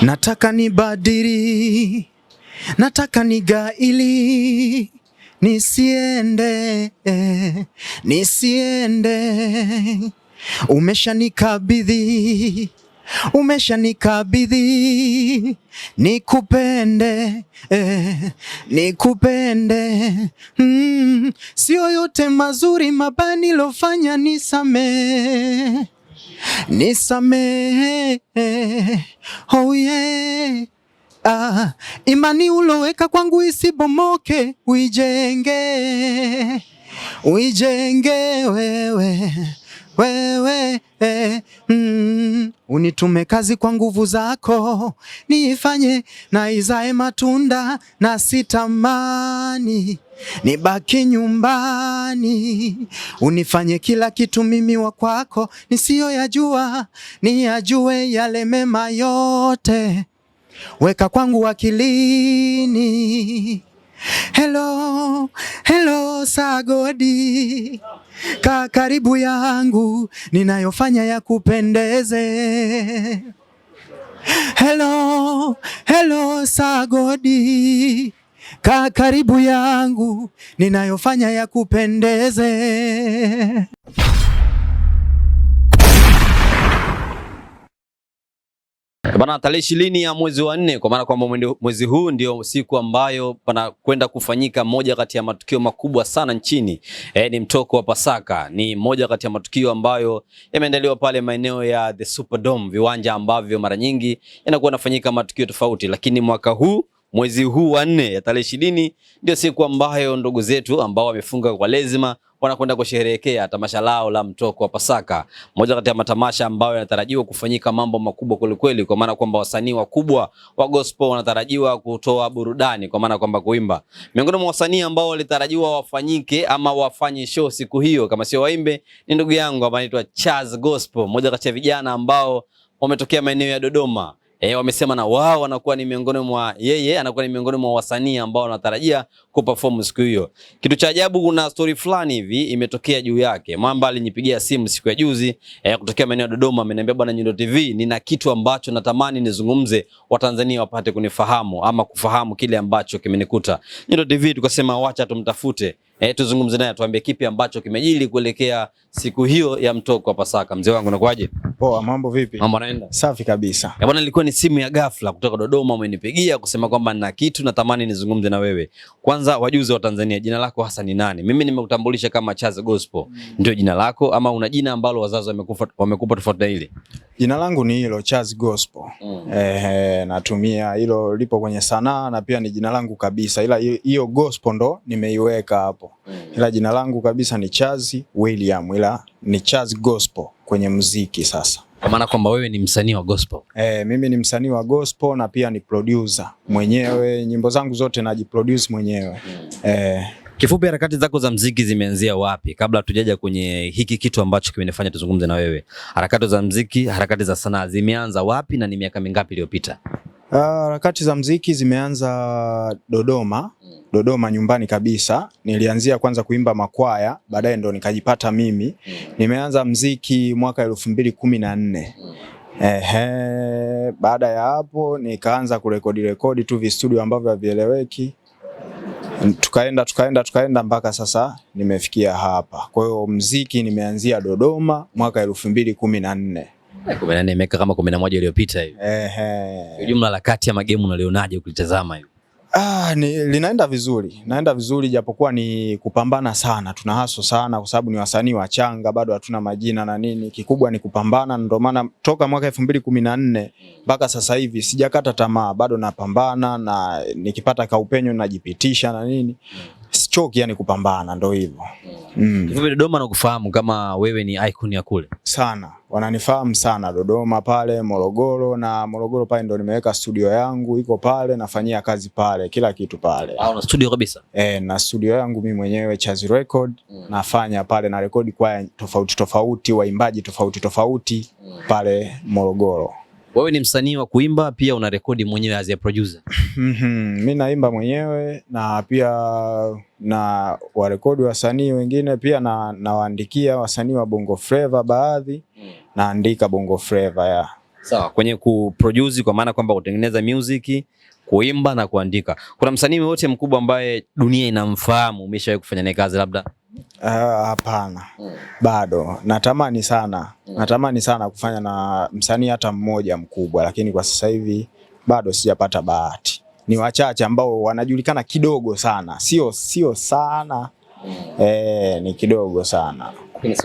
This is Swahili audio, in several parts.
Nataka nibadili, nataka nigaili, nisiende nisiende. Umeshanikabidhi, umeshanikabidhi, nikupende eh, nikupende mm. Sio yote mazuri mabani lofanya nisamee nisamehe, oh yeah. Ah, imani uloweka kwangu isibomoke, uijenge uijenge wewe wewe eh, mm, unitume kazi kwa nguvu zako nifanye na izae matunda, na sitamani nibaki nyumbani. Unifanye kila kitu mimi wa kwako, nisiyoyajua niyajue yale mema yote, weka kwangu akilini. Hello, hello, Sagodi ka karibu yangu, ninayofanya ya kupendeze. Hello, hello Sagodi, ka karibu yangu, ninayofanya ya kupendeze. Bana, tarehe ishirini ya mwezi wa nne, kwa maana kwamba mwezi huu ndio siku ambayo panakwenda kufanyika moja kati ya matukio makubwa sana nchini e, ni mtoko wa Pasaka. Ni moja kati ya matukio ambayo yameandaliwa pale maeneo ya the Superdome, viwanja ambavyo mara nyingi yanakuwa nafanyika matukio tofauti, lakini mwaka huu mwezi huu wa nne ya tarehe ishirini ndio siku ambayo ndugu zetu ambao wamefunga kwa lazima wanakwenda kusherehekea tamasha lao la mtoko wa Pasaka, moja kati ya matamasha ambayo yanatarajiwa kufanyika mambo makubwa kwelikweli, kwa maana kwamba wasanii wakubwa wa gospel wanatarajiwa kutoa burudani, kwa maana kwamba kuimba. Miongoni mwa wasanii ambao walitarajiwa wafanyike ama wafanye show siku hiyo, kama sio waimbe, ni ndugu yangu ambaye anaitwa Chaz Gospel, moja kati ya vijana ambao wametokea maeneo ya Dodoma E, wamesema na wao wanakuwa ni miongoni mwa yeye anakuwa ni miongoni mwa wasanii ambao wanatarajia kuperform siku hiyo. Kitu cha ajabu, kuna story fulani hivi imetokea juu yake. Mamba alinipigia simu siku ya juzi e, kutokea maeneo ya Dodoma, ameniambia bwana Nyundo TV, nina kitu ambacho natamani nizungumze, Watanzania wapate kunifahamu ama kufahamu kile ambacho kimenikuta. Nyundo TV tukasema wacha tumtafute eh, tuzungumze naye tuambie kipi ambacho kimejili kuelekea siku hiyo ya mtoko wa Pasaka. Mzee wangu unakuaje? Poa, mambo vipi? Mambo yanaenda safi kabisa. Eh, bwana, ilikuwa ni simu ya ghafla kutoka Dodoma, umenipigia kusema kwamba na kitu natamani nizungumze na wewe. Kwanza wajuzi wa Tanzania, jina lako hasa ni nani? Mimi nimekutambulisha kama Charles Gospel, mm. ndio jina lako ama una jina ambalo wazazi wamekufa wamekupa tofauti na ile? Jina langu ni hilo Charles Gospel. Mm. Eh, natumia hilo lipo kwenye sanaa na pia ni jina langu kabisa, ila hiyo gospel ndo nimeiweka hapo mm. ila jina langu kabisa ni Chazi William, ila ni Chazi gospel kwenye mziki sasa. Kwa maana kwamba wewe ni msanii wa gospel. E, mimi ni msanii wa gospel na pia ni producer mwenyewe, nyimbo zangu zote najiproduce mwenyewe mm. e, Kifupi, harakati zako za mziki zimeanzia wapi, kabla tujaja kwenye hiki kitu ambacho kimenifanya tuzungumze na wewe? Harakati za mziki, harakati za sanaa zimeanza wapi na ni miaka mingapi iliyopita? Ah, harakati uh, za mziki zimeanza Dodoma, mm. Dodoma nyumbani kabisa. Nilianzia kwanza kuimba makwaya, baadaye ndo nikajipata mimi. Mm. Nimeanza mziki mwaka elfu mbili kumi na nne. Mm. Ehe, baada ya hapo nikaanza kurekodi rekodi tu vistudio ambavyo havieleweki, tukaenda tukaenda tukaenda mpaka sasa nimefikia hapa. Kwa hiyo mziki nimeanzia Dodoma mwaka elfu mbili kumi na nne. Eh, kumi na nne imeweka kama kumi na moja iliyopita hivi. Ehe. Jumla la kati ya magemu unalionaje ukilitazama hivi? Ah, ni, linaenda vizuri, naenda vizuri japokuwa ni kupambana sana, tuna haso sana kwa sababu ni wasanii wachanga bado hatuna majina na nini. Kikubwa ni kupambana, ndio maana toka mwaka elfu mbili kumi na nne mpaka sasa hivi sijakata tamaa, bado napambana na nikipata kaupenyo najipitisha na nini sichoki yani kupambana, ndo hivyo mm. Hivyo Dodoma nakufahamu kama wewe ni icon ya kule sana, wananifahamu sana Dodoma pale, Morogoro na Morogoro pale ndo nimeweka studio yangu iko pale, nafanyia kazi pale, kila kitu pale. Au ah, na studio kabisa? Eh, na studio yangu mimi mwenyewe Chazi Record mm. nafanya pale na rekodi kwa tofauti tofauti, waimbaji tofauti tofauti mm. pale Morogoro wewe ni msanii wa kuimba pia unarekodi mwenyewe as a producer? Mimi mhm, naimba mwenyewe na pia na warekodi wasanii wengine pia na nawaandikia wasanii wa Bongo Flava baadhi mm. Naandika Bongo Flava ya. Sawa, so, kwenye kuproduce kwa maana kwamba kutengeneza music, kuimba na kuandika. Kuna msanii wote mkubwa ambaye dunia inamfahamu umeshawahi kufanya naye kazi labda? Eh, hapana, uh, mm. Bado natamani sana mm. Natamani sana kufanya na msanii hata mmoja mkubwa, lakini kwa sasa hivi bado sijapata bahati. Ni wachache ambao wanajulikana kidogo sana, sio sio sana mm. E, ni kidogo sana.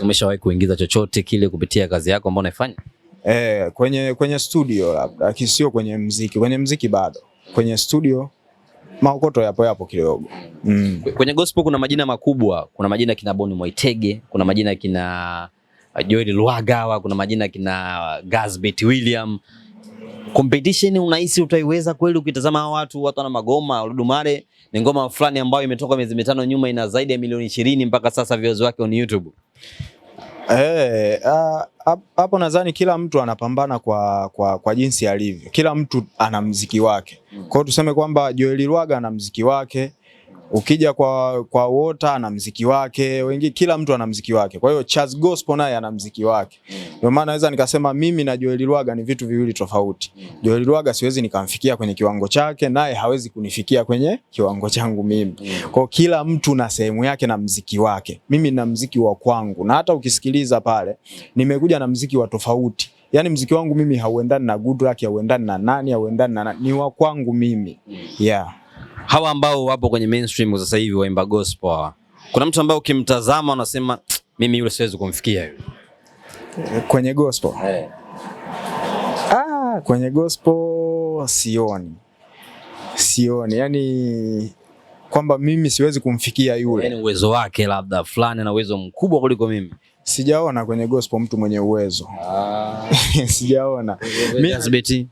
Umeshawahi kuingiza chochote kile kupitia kazi yako ambayo unaifanya? E, kwenye kwenye studio labda, lakini sio kwenye mziki. Kwenye mziki bado, kwenye studio maokoto yapo yapo kidogo mm. Kwenye gospel kuna majina makubwa, kuna majina kina Boni Mwaitege, kuna majina kina uh, Joel Lwagawa, kuna majina kina uh, Gasbet William. Competition unahisi utaiweza kweli? Ukitazama hawa watu, watu wana magoma. Oludumare ni ngoma fulani ambayo imetoka miezi mitano nyuma, ina zaidi ya milioni ishirini mpaka sasa, views wake on YouTube. Eh, ah, hapo nadhani kila mtu anapambana kwa, kwa, kwa jinsi alivyo. Kila mtu ana mziki wake. Hmm. Kwa hiyo tuseme kwamba Joel Lwaga ana mziki wake Ukija kwa kwa Wota ana mziki wake, wengi kila mtu ana mziki wake. Kwa hiyo Chaz Gospel naye ana mziki wake. Ndio maana naweza nikasema mimi na Joel Lwaga ni vitu viwili tofauti. Joel Lwaga siwezi nikamfikia kwenye kiwango chake, naye hawezi kunifikia kwenye kiwango changu mimi. Kwa hiyo kila mtu na sehemu yake na mziki wake. Mimi na mziki wa kwangu na hata ukisikiliza pale nimekuja na mziki wa tofauti. Yaani mziki wangu mimi hauendani na Good Luck, hauendani na nani, hauendani na nani, ni wa kwangu mimi. Yeah hawa ambao wapo kwenye mainstream sasa hivi waimba gospel hawa, kuna mtu ambaye ukimtazama unasema mimi yule siwezi kumfikia yule kwenye gospel hey. Eh. Ah, kwenye gospel sioni, sioni yani kwamba mimi siwezi kumfikia yule, yani uwezo wake labda fulani na uwezo mkubwa kuliko mimi Sijaona kwenye gospel mtu mwenye uwezo ah. Sijaona mimi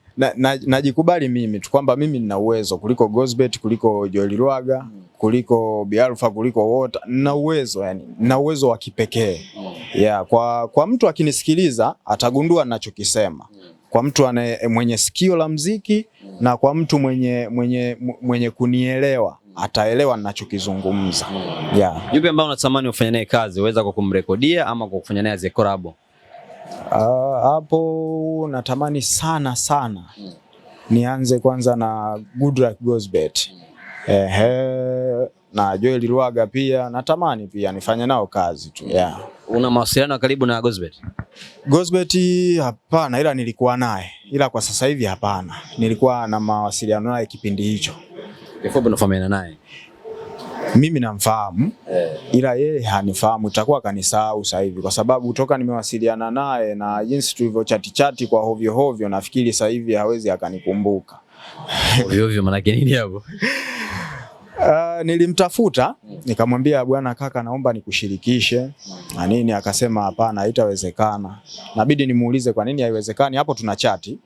najikubali na, na mimi tu kwamba mimi nina uwezo kuliko Gosbet kuliko Joel Lwaga hmm. kuliko Bialfa kuliko wote, nina uwezo yani, nina uwezo wa kipekee hmm. yeah, kwa, kwa mtu akinisikiliza atagundua ninachokisema hmm. kwa mtu ane, mwenye sikio la mziki na kwa mtu mwenye, mwenye, mwenye kunielewa ataelewa ninachokizungumza. Yeah. Yupi ambaye unatamani ufanye naye kazi, uweza kwa kumrekodia ama kwa kufanya naye collab? Ah, hapo natamani sana sana nianze kwanza na Goodluck Gosbet. Ehe, na Joel Lwaga pia natamani pia nifanye nao kazi tu. Yeah. Una mawasiliano karibu na Gosbet? Gosbet hapana, ila nilikuwa naye, ila kwa sasa hivi hapana. Nilikuwa na mawasiliano naye kipindi hicho. Yakobo unafahamiana naye? Mimi namfahamu eh, ila yeye hanifahamu, itakuwa kanisahau sasa hivi, kwa sababu toka nimewasiliana naye na jinsi tulivyo chati chati kwa hovyo hovyo, nafikiri sasa hivi hawezi akanikumbuka. Hovyo hovyo maana nini hapo? Uh, nilimtafuta nikamwambia, bwana kaka, naomba nikushirikishe na nini, akasema hapana, haitawezekana. Nabidi nimuulize kwa nini haiwezekani, hapo tuna chati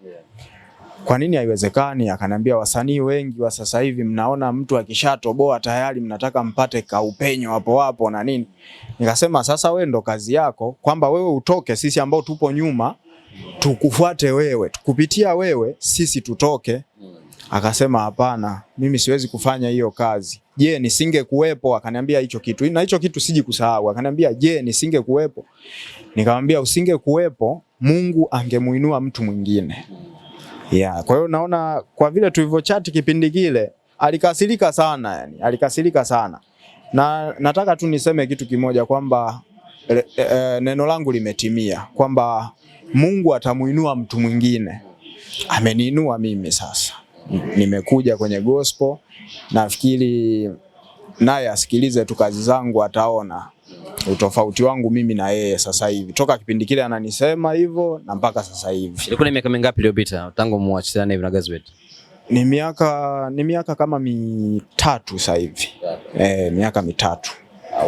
kwa nini haiwezekani? Akaniambia wasanii wengi wa sasa hivi mnaona mtu akishatoboa tayari mnataka mpate kaupenyo hapo hapo na nini. Nikasema sasa, wewe ndo kazi yako kwamba wewe utoke, sisi ambao tupo nyuma tukufuate wewe, kupitia wewe sisi tutoke. Akasema hapana, mimi siwezi kufanya hiyo kazi. Je, nisinge kuwepo? Akaniambia hicho kitu na hicho kitu siji kusahau. Akaniambia je, nisinge kuwepo? Nikamwambia usinge kuwepo, Mungu angemuinua mtu mwingine Yeah, kwa hiyo naona kwa vile tulivyochati kipindi kile alikasirika sana yani, alikasirika sana na nataka tu niseme kitu kimoja kwamba e, e, neno langu limetimia kwamba Mungu atamuinua mtu mwingine. Ameniinua mimi sasa, nimekuja kwenye gospel, nafikiri naye asikilize tu kazi zangu, ataona utofauti wangu mimi na yeye sasa hivi, toka kipindi kile ananisema hivyo na mpaka sasa hivi. Ilikuwa ni miaka mingapi iliyopita tangu muachane hivi na Gazwet? Ni miaka ni miaka kama mitatu sasa hivi eh, miaka mitatu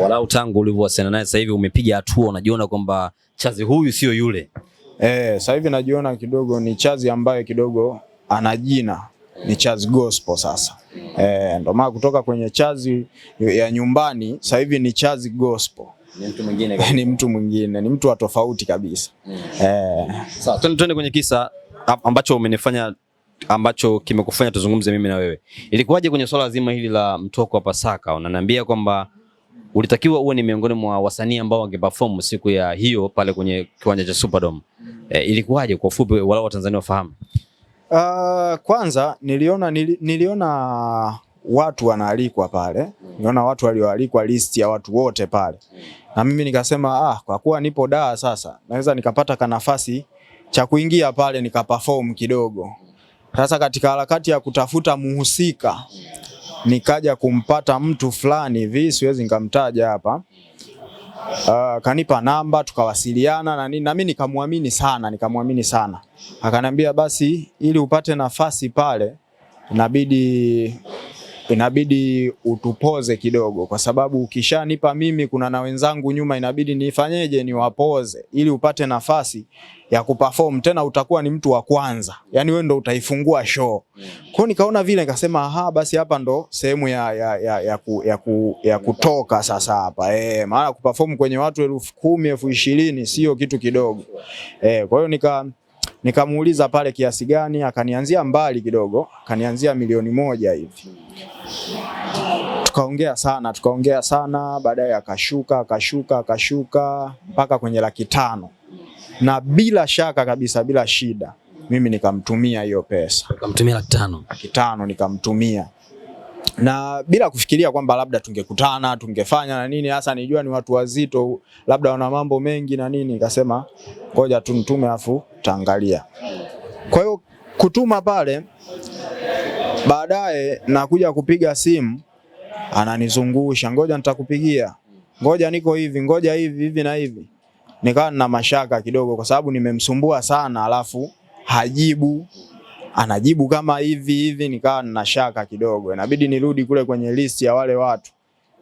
walau tangu ulivyowasiliana naye. Sasa hivi umepiga hatua, unajiona kwamba Chazi huyu sio yule eh? Sasa hivi najiona kidogo ni Chazi ambaye kidogo ana jina, ni Chazi Gospel sasa Eh, ndo maana kutoka kwenye chazi ya nyumbani sasa hivi ni chazi gospel. Ni mtu mwingine kabisa. Ni mtu mwingine, ni mtu wa tofauti kabisa. Mm. Eh. Sawa, twende kwenye kisa ambacho umenifanya ambacho kimekufanya tuzungumze mimi na wewe. Ilikuwaje kwenye swala zima hili la mtoko wa Pasaka? Unaniambia kwamba ulitakiwa uwe ni miongoni mwa wasanii ambao wangeperform siku ya hiyo pale kwenye kiwanja cha Superdome. Eh, ilikuwaje kwa ufupi, wala Watanzania wafahamu? Uh, kwanza niliona nili, niliona watu wanaalikwa pale, niliona watu walioalikwa list ya watu wote pale, na mimi nikasema ah, kwa kuwa nipo daa sasa naweza nikapata kanafasi cha kuingia pale nikaperform kidogo. Sasa katika harakati ya kutafuta muhusika nikaja kumpata mtu fulani hivi, siwezi nikamtaja hapa, uh, ah, kanipa namba tukawasiliana na nini, na mimi nikamwamini sana, nikamwamini sana. Akaniambia basi, ili upate nafasi pale inabidi inabidi utupoze kidogo, kwa sababu ukishanipa mimi, kuna na wenzangu nyuma, inabidi nifanyeje? Niwapoze ili upate nafasi ya kuperform tena utakuwa ni mtu wa kwanza, yani wewe ndo utaifungua show. Kwa hiyo nikaona vile nikasema, aha, basi hapa ndo sehemu ya, ya, ya, ya, ku, ya, ku, ya kutoka sasa hapa eh, maana kuperform kwenye watu elfu kumi elfu ishirini sio kitu kidogo eh. Kwa hiyo nika nikamuuliza pale kiasi gani, akanianzia mbali kidogo, akanianzia milioni moja hivi. Tukaongea sana tukaongea sana, baadaye akashuka akashuka akashuka mpaka kwenye laki tano na bila shaka kabisa, bila shida, mimi nikamtumia hiyo pesa, nikamtumia laki tano, laki tano nikamtumia na bila kufikiria kwamba labda tungekutana tungefanya na nini, hasa nijua ni watu wazito, labda wana mambo mengi na nini. Nikasema ngoja tu mtume afu taangalia. Kwa hiyo kutuma pale, baadaye nakuja kupiga simu, ananizungusha ngoja nitakupigia, ngoja niko hivi, ngoja hivi hivi na hivi nikawa na mashaka kidogo, kwa sababu nimemsumbua sana, alafu hajibu anajibu kama hivi hivi, nikawa na shaka kidogo. Inabidi nirudi kule kwenye listi ya wale watu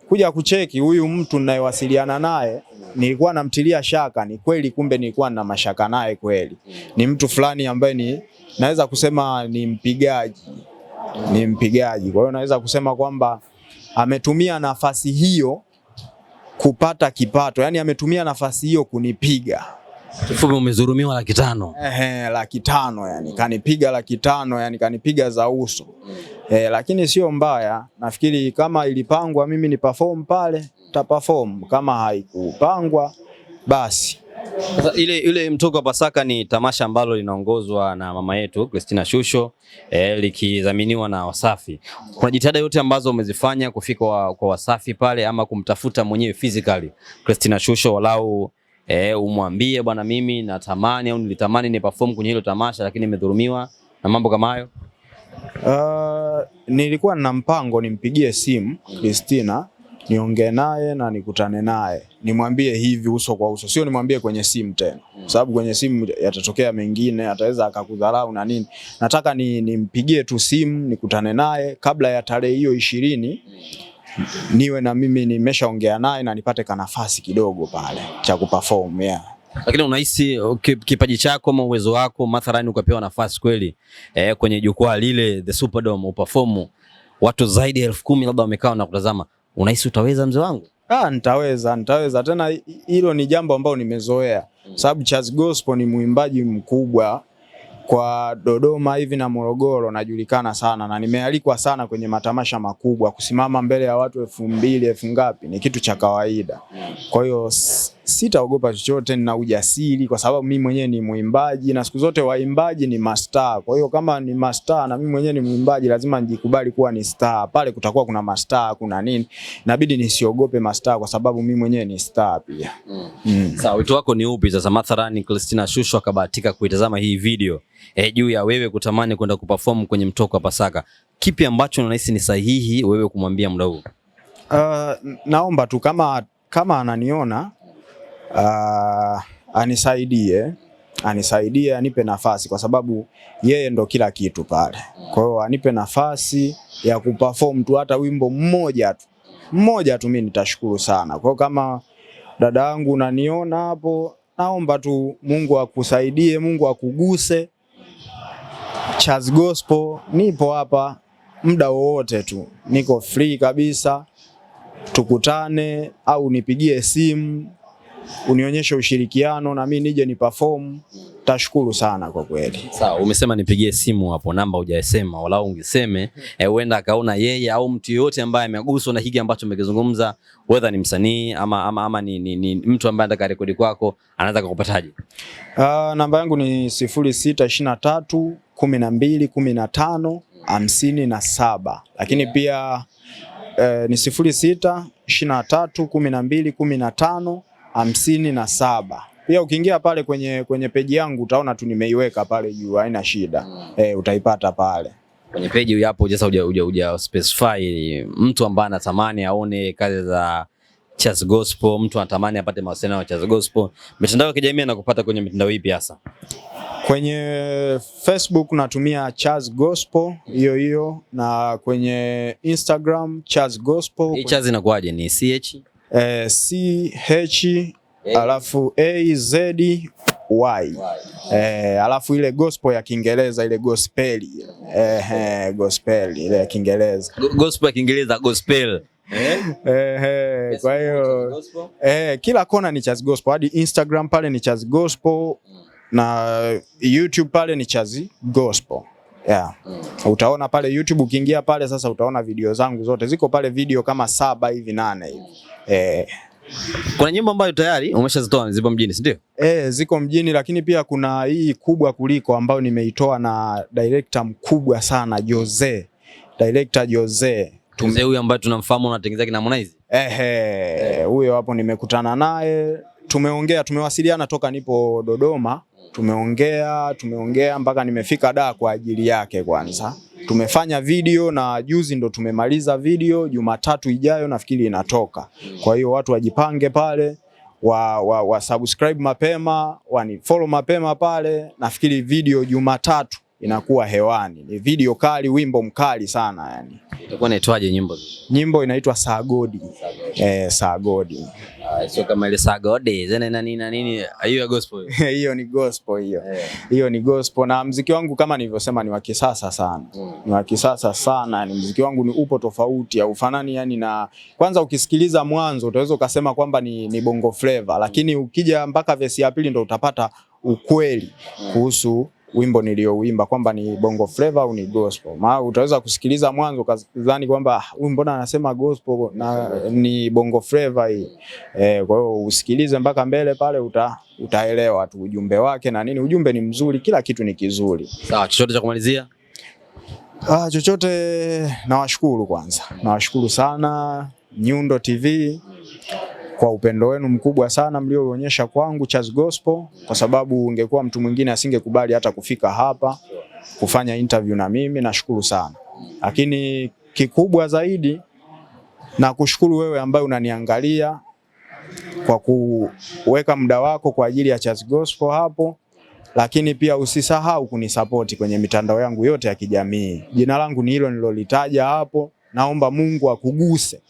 kuja kucheki huyu mtu ninayewasiliana naye, nilikuwa namtilia shaka, ni kweli kumbe nilikuwa na mashaka naye kweli. Ni mtu fulani ambaye ni naweza kusema ni mpigaji, ni mpigaji. Kwa hiyo naweza kusema kwamba ametumia nafasi hiyo kupata kipato, yani ametumia nafasi hiyo kunipiga. Kifupi umezurumiwa laki tano. Ehe, laki tano yani kanipiga laki tano yani kanipiga za uso eh, lakini sio mbaya. Nafikiri kama ilipangwa mimi ni perform pale, ta perform. Kama haikupangwa basi sasa ile ile mtoko wa Pasaka ni tamasha ambalo linaongozwa na mama yetu Christina Shusho eh, likidhaminiwa na Wasafi. Kuna jitihada yote ambazo umezifanya kufika wa, kwa Wasafi pale ama kumtafuta mwenyewe physically Christina Shusho walau eh, umwambie bwana, mimi natamani au nilitamani ni perform kwenye hilo tamasha lakini nimedhulumiwa na mambo kama hayo? Uh, nilikuwa na mpango nimpigie simu Christina niongee naye na nikutane naye, nimwambie hivi uso kwa uso, sio nimwambie kwenye simu tena, hmm. sababu kwenye simu yatatokea mengine, ataweza akakudharau na nini. Nataka ni nimpigie tu simu nikutane naye kabla ya tarehe hiyo ishirini niwe na mimi nimeshaongea naye na nipate kanafasi kidogo pale cha kuperform yeah. Lakini unahisi uh, kipaji chako ama uwezo wako mathalani ukapewa nafasi kweli eh, kwenye jukwaa lile the Superdome uperform watu zaidi ya elfu kumi labda wamekaa na kutazama Unahisi utaweza mzee wangu? Ah, nitaweza, nitaweza. Tena hilo ni jambo ambalo nimezoea, mm. sababu Charles Gospel ni mwimbaji mkubwa kwa Dodoma hivi na Morogoro, najulikana sana na nimealikwa sana kwenye matamasha makubwa. Kusimama mbele ya watu elfu mbili elfu ngapi ni kitu cha kawaida, mm. kwa hiyo sitaogopa chochote, nina ujasiri kwa sababu mimi mwenyewe ni mwimbaji, na siku zote waimbaji ni mastaa. Kwa hiyo kama ni mastaa na mimi mwenyewe ni mwimbaji, lazima nijikubali kuwa ni star. Pale kutakuwa kuna mastaa, kuna nini, inabidi nisiogope mastaa kwa sababu mimi mwenyewe ni star pia. mm. mm. Sawa, wito wako ni upi sasa? Mathalani Christina Shusho akabahatika kuitazama hii video e, juu ya wewe kutamani kwenda kuperform kwenye mtoko wa Pasaka, kipi ambacho unahisi ni sahihi wewe kumwambia mdau? Uh, naomba tu kama kama ananiona uh, anisaidie anisaidie anipe nafasi kwa sababu yeye ndo kila kitu pale. Kwa hiyo anipe nafasi ya kuperform tu hata wimbo mmoja tu mmoja tu, mimi nitashukuru sana. Kwa hiyo kama dada yangu unaniona hapo, naomba tu Mungu akusaidie, Mungu akuguse. Chaz Gospel nipo hapa muda wowote tu, niko free kabisa, tukutane au nipigie simu unionyeshe ushirikiano na mimi nije ni perform, tashukuru sana kwa kweli. Sawa, umesema nipigie simu hapo, namba hujasema walau ungeseme, eh, huenda eh, akaona yeye au mtu yoyote ambaye ameguswa na hiki ambacho umekizungumza, whether ni msanii ama, ama, ama ni, ni, ni mtu ambaye anataka rekodi kwako anaweza kukupataje? Uh, namba yangu ni sifuri sita ishirini na tatu kumi na mbili kumi na tano hamsini na saba lakini yeah. pia eh, ni sifuri sita ishirini na tatu kumi na mbili kumi na tano hamsini na saba. Pia ukiingia pale kwenye, kwenye peji yangu utaona tu nimeiweka pale juu, haina shida mm. Eh, utaipata pale kwenye peji hapo. Sasa uja specify mtu ambaye anatamani aone kazi za Charles Gospel, mtu anatamani apate mawasiliano na Charles Gospel, mitandao ya kijamii anakupata kwenye mitandao ipi hasa? Kwenye Facebook natumia Charles Gospel hiyo hiyo, na kwenye Instagram Charles Gospel. Hii Charles inakuwaje? Ni CH eh, C H alafu A Z Y eh, alafu ile gospel ya Kiingereza ile gospel eh, eh, gospel ile ya Kiingereza gospel ya Kiingereza gospel Eh, eh, kwa hiyo eh, kila kona ni Chazi Gospel, hadi Instagram pale ni Chazi Gospel mm. na YouTube pale ni Chazi Gospel. Yeah. Mm. Utaona pale YouTube ukiingia pale sasa utaona video zangu zote ziko pale, video kama saba hivi nane hivi. Mm. Eh. Kuna nyimbo ambayo tayari umeshazitoa zipo mjini, si ndio? Eh, ziko mjini lakini pia kuna hii kubwa kuliko ambayo nimeitoa na director mkubwa sana Jose. Director Jose. Tumzee huyu ambaye tunamfahamu anatengeneza kina Harmonize. Ehe, eh. huyo hapo nimekutana naye, tumeongea, tumewasiliana toka nipo Dodoma tumeongea tumeongea mpaka nimefika da kwa ajili yake. Kwanza tumefanya video na juzi ndo tumemaliza video. Jumatatu ijayo nafikiri inatoka, kwa hiyo watu wajipange pale wa, wa, wa subscribe mapema wani follow mapema pale, nafikiri video Jumatatu inakuwa hewani. Ni video kali, wimbo mkali sana yani. Itakuwa inaitwaje nyimbo? Nyimbo inaitwa Sagodi. Eh, Sagodi. Ah, sio kama ile Sagodi. Zana nani na nini? Hiyo ya gospel. Hiyo ni gospel hiyo. Eh. Hiyo ni gospel na mziki wangu kama nilivyosema ni wa kisasa sana. Mm. Ni wa kisasa sana. Ni mziki wangu ni upo tofauti au fanani yani na kwanza ukisikiliza mwanzo utaweza ukasema kwamba ni, ni bongo flavor lakini ukija mpaka verse ya pili ndo utapata ukweli mm. kuhusu wimbo niliouimba kwamba ni bongo flavor au ni gospel. Maana utaweza kusikiliza mwanzo kadhani kwamba ah, huyu mbona anasema gospel na ni bongo flavor hii. E, kwa hiyo usikilize mpaka mbele pale uta, utaelewa tu ujumbe wake na nini. Ujumbe ni mzuri, kila kitu ni kizuri. Sawa, chochote cha kumalizia? Ah, chochote nawashukuru kwanza. Nawashukuru sana Nyundo TV kwa upendo wenu mkubwa sana mlioonyesha kwangu Charles Gospel, kwa sababu ungekuwa mtu mwingine asingekubali hata kufika hapa kufanya interview na mimi. Nashukuru sana, lakini kikubwa zaidi na kushukuru wewe ambaye unaniangalia kwa kuweka muda wako kwa ajili ya Charles Gospel hapo, lakini pia usisahau kunisapoti kwenye mitandao yangu yote ya kijamii. Jina langu ni hilo nilolitaja hapo. Naomba Mungu akuguse,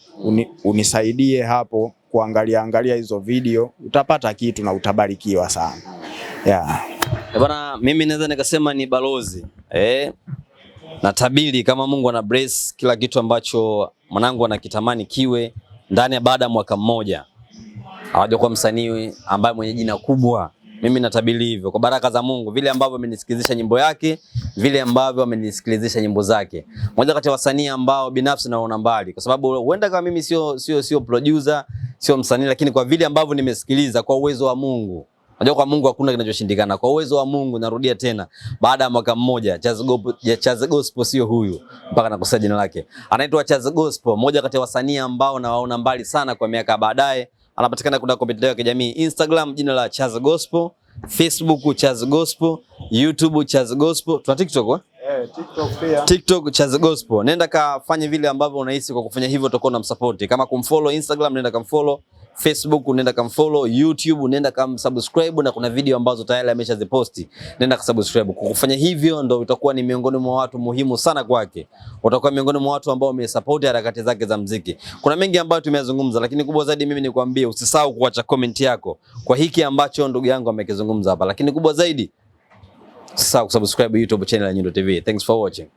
unisaidie hapo kuangalia angalia hizo video utapata kitu na utabarikiwa sana. Yeah. Eh, bwana, mimi naweza nikasema ni balozi eh, na tabiri kama Mungu ana bless kila kitu ambacho mwanangu anakitamani kiwe ndani ya baada ya mwaka mmoja awaje msanii ambaye mwenye jina kubwa mimi natabiri hivyo kwa baraka za Mungu, vile ambavyo amenisikilizisha nyimbo yake, vile ambavyo amenisikilizisha nyimbo zake. Moja kati ya wasanii ambao binafsi naona mbali, kwa sababu huenda kama mimi sio sio sio producer, sio msanii, lakini kwa vile ambavyo nimesikiliza kwa uwezo wa Mungu Unajua kwa Mungu hakuna kinachoshindikana. Kwa uwezo wa Mungu narudia tena baada ya mwaka mmoja Chaz Gospel sio huyu mpaka nakosea jina lake. Anaitwa Chaz Gospel, mmoja kati ya wasanii ambao nawaona mbali sana kwa miaka baadaye anapatikana kuna kompyuta ya kijamii Instagram, jina la chaz Gospel, Facebook Chaz Gospel, YouTube Chaz Gospel, tuna TikTok eh, eh TikTok pia, TikTok Gospel. Nenda kafanye vile ambavyo unahisi, kwa kufanya hivyo utakuwa unamsupport. Kama kumfollow Instagram, nenda kumfollow, Facebook unaenda follow, YouTube unaenda subscribe, na kuna video ambazo tayari ameshaziposti. Nenda kusubscribe. Kwa kufanya hivyo ndo utakuwa ni miongoni mwa watu muhimu sana kwake. Utakuwa miongoni mwa watu ambao wamesupport harakati zake za muziki. Kuna mengi ambayo tumeyazungumza, lakini kubwa zaidi mimi nikwambie usisahau kuacha comment yako kwa hiki ambacho ndugu yangu amekizungumza hapa. Lakini kubwa zaidi usisahau kusubscribe YouTube channel ya Nyundo TV. Thanks for watching.